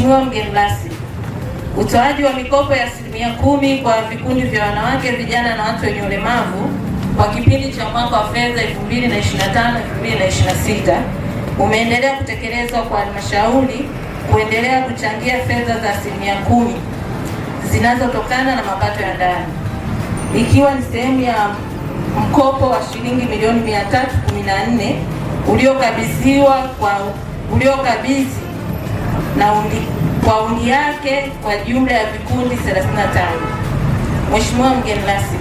Mheshimiwa mgeni rasmi, utoaji wa mikopo ya asilimia kumi kwa vikundi vya wanawake, vijana na watu wenye ulemavu kwa kipindi cha mwaka wa fedha 2025 2026 umeendelea kutekelezwa kwa halmashauri kuendelea kuchangia fedha za asilimia kumi zinazotokana na mapato ya ndani ikiwa ni sehemu ya mkopo wa shilingi milioni 314 uliokabidhiwa kwa uliokabidhi na undi, kwa undi yake kwa jumla ya vikundi 35. Mheshimiwa mgeni rasmi,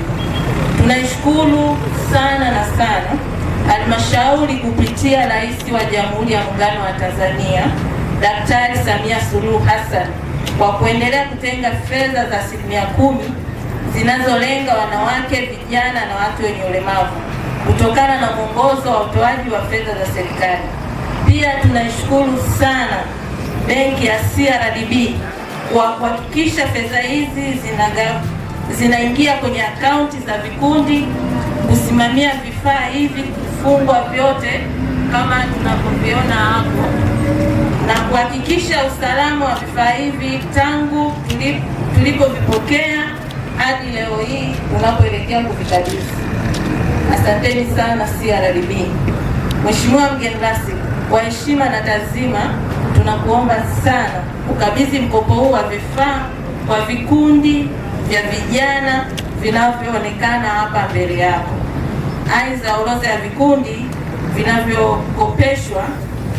tunaishukuru sana na sana halmashauri kupitia Rais wa Jamhuri ya Muungano wa Tanzania Daktari Samia Suluhu Hassan kwa kuendelea kutenga fedha za asilimia kumi zinazolenga wanawake, vijana na watu wenye ulemavu kutokana na mwongozo wa utoaji wa fedha za serikali. Pia tunaishukuru sana benki ya CRDB kwa kuhakikisha fedha hizi zinaingia zina kwenye akaunti za vikundi, kusimamia vifaa hivi kufungwa vyote kama tunavyoviona hapo, na kuhakikisha usalama wa vifaa hivi tangu tulipovipokea hadi leo hii unapoelekea kuvikabidhi. Asanteni sana CRDB. Mheshimiwa mgeni rasmi, kwa heshima na tazima tunakuomba sana ukabidhi mkopo huu wa vifaa kwa vikundi vya vijana vinavyoonekana hapa mbele yako. Aidha, orodha ya vikundi vinavyokopeshwa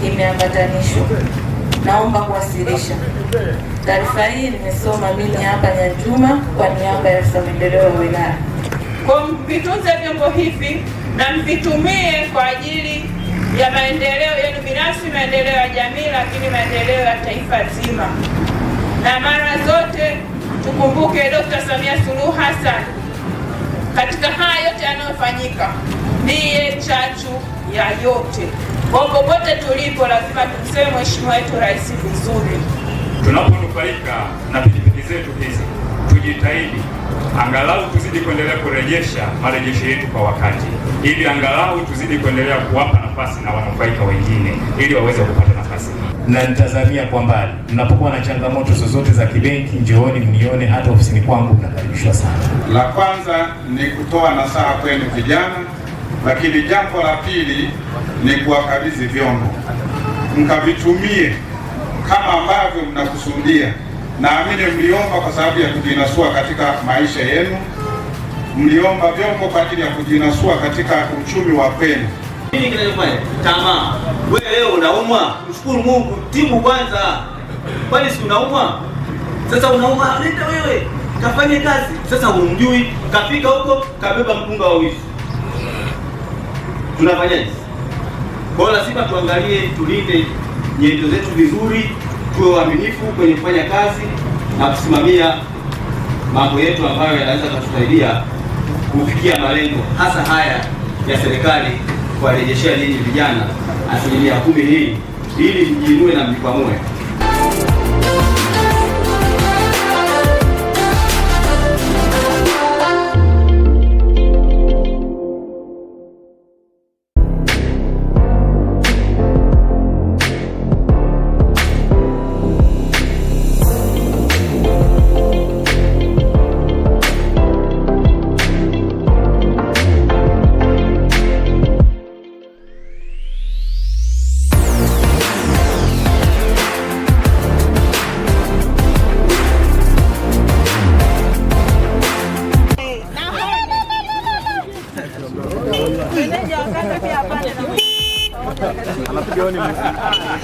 imeambatanishwa. Naomba kuwasilisha taarifa hii. Nimesoma mimi hapa juma kwa niaba ya afisa maendeleo ya wilaya. Kwa mvitunze vyombo hivi na mvitumie kwa ajili ya maendeleo yenu binafsi, maendeleo ya jamii, lakini maendeleo ya taifa zima. Na mara zote tukumbuke Dr. Samia Suluhu Hassan katika haya yote yanayofanyika, ndiye chachu ya yote. Kwa popote tulipo, lazima tumseme mheshimiwa wetu rais vizuri, tunaponufaika na pikipiki zetu hizi tujitahidi angalau tuzidi kuendelea kurejesha marejesho yetu kwa wakati, ili angalau tuzidi kuendelea kuwapa nafasi na wanufaika wengine, ili waweze kupata nafasi hii. Na nitazamia kwa mbali, mnapokuwa na changamoto zozote za kibenki, njooni mnione, hata ofisini kwangu mnakaribishwa sana. La kwanza ni kutoa nasaha kwenu vijana, lakini jambo la pili ni kuwakabidhi vyombo mkavitumie kama ambavyo mnakusudia. Naamini mliomba kwa sababu ya kujinasua katika maisha yenu, mliomba vyombo kwa ajili ya kujinasua katika uchumi wa kwenu. Nini kinachofanya tamaa? Wewe leo unaumwa, mshukuru Mungu, timu kwanza, bali si unaumwa sasa. Unaumwa leta wewe kafanye kazi sasa. Humjui, kafika huko kabeba mpunga wa wizi. Tunafanyaje? Bora sipa, tuangalie, tulinde nyendo zetu vizuri tuwe waaminifu kwenye kufanya kazi na kusimamia mambo yetu ambayo yanaweza kutusaidia kufikia malengo hasa haya ya serikali kuwarejeshea nyinyi vijana asilimia kumi hii ili mjiinue na mjikwamue.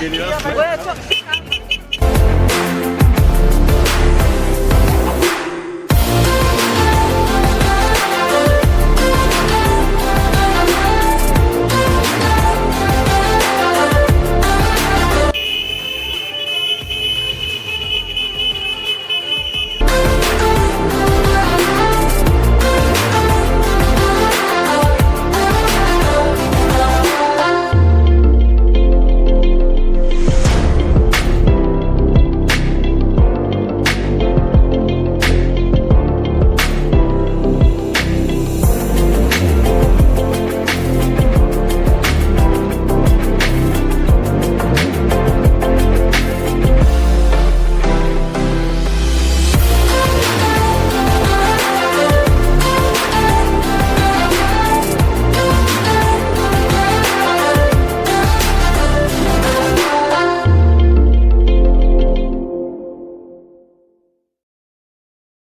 我要坐。